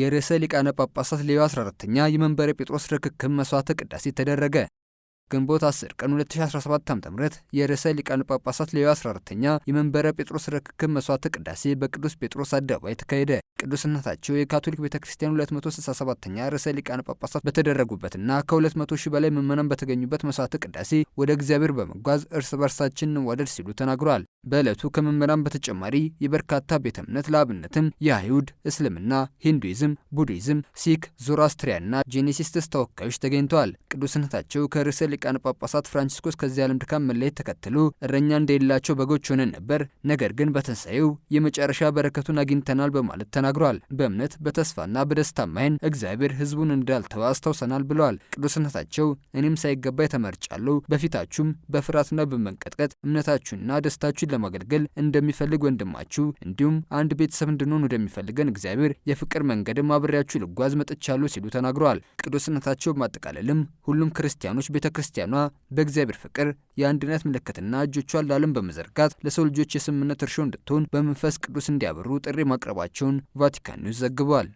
የርዕሰ ሊቃነ ጳጳሳት ሌዊ 14ኛ የመንበረ ጴጥሮስ ርክክብ መሥዋዕተ ቅዳሴ ተደረገ። ግንቦት 10 ቀን 2017 ዓ.ም የርዕሰ ሊቃነ ጳጳሳት ሌዮ 14ኛ የመንበረ ጴጥሮስ ርክክብ መስዋዕት ቅዳሴ በቅዱስ ጴጥሮስ አደባባይ ተካሄደ። ቅዱስነታቸው የካቶሊክ ቤተ ክርስቲያን 267 ኛ ርዕሰ ሊቃነ ጳጳሳት በተደረጉበትና ከ200 ሺህ በላይ ምዕመናን በተገኙበት መስዋዕት ቅዳሴ ወደ እግዚአብሔር በመጓዝ እርስ በርሳችን እንዋደድ ሲሉ ተናግሯል። በዕለቱ ከምዕመናን በተጨማሪ የበርካታ ቤተ እምነት ለአብነትም የአይሁድ፣ እስልምና፣ ሂንዱይዝም፣ ቡዲዝም፣ ሲክ፣ ዞራስትሪያና ጄኔሲስቲስ ተወካዮች ተገኝተዋል። ቅዱስነታቸው ከርዕሰ ሊቃነ ጳጳሳት ፍራንቺስኮስ ከዚህ ዓለም ድካም መለየት ተከትሎ እረኛ እንደሌላቸው በጎች ሆነን ነበር፣ ነገር ግን በትንሣኤው የመጨረሻ በረከቱን አግኝተናል በማለት ተናግሯል። በእምነት በተስፋና በደስታ ማይን እግዚአብሔር ሕዝቡን እንዳልተዋ አስታውሰናል ብለዋል። ቅዱስነታቸው እኔም ሳይገባ የተመርጫለሁ፣ በፊታችሁም በፍርሃትና በመንቀጥቀጥ እምነታችሁንና ደስታችሁን ለማገልገል እንደሚፈልግ ወንድማችሁ እንዲሁም አንድ ቤተሰብ እንድንሆን ወደሚፈልገን እግዚአብሔር የፍቅር መንገድም አብሬያችሁ ልጓዝ መጥቻለሁ ሲሉ ተናግረዋል። ቅዱስነታቸው ማጠቃለልም ሁሉም ክርስቲያኖች ቤተክርስቲያ ክርስቲያኗ በእግዚአብሔር ፍቅር የአንድነት ምልክትና እጆቿን ለዓለም በመዘርጋት ለሰው ልጆች የስምምነት እርሾ እንድትሆን በመንፈስ ቅዱስ እንዲያበሩ ጥሪ ማቅረባቸውን ቫቲካን ኒውስ ዘግቧል።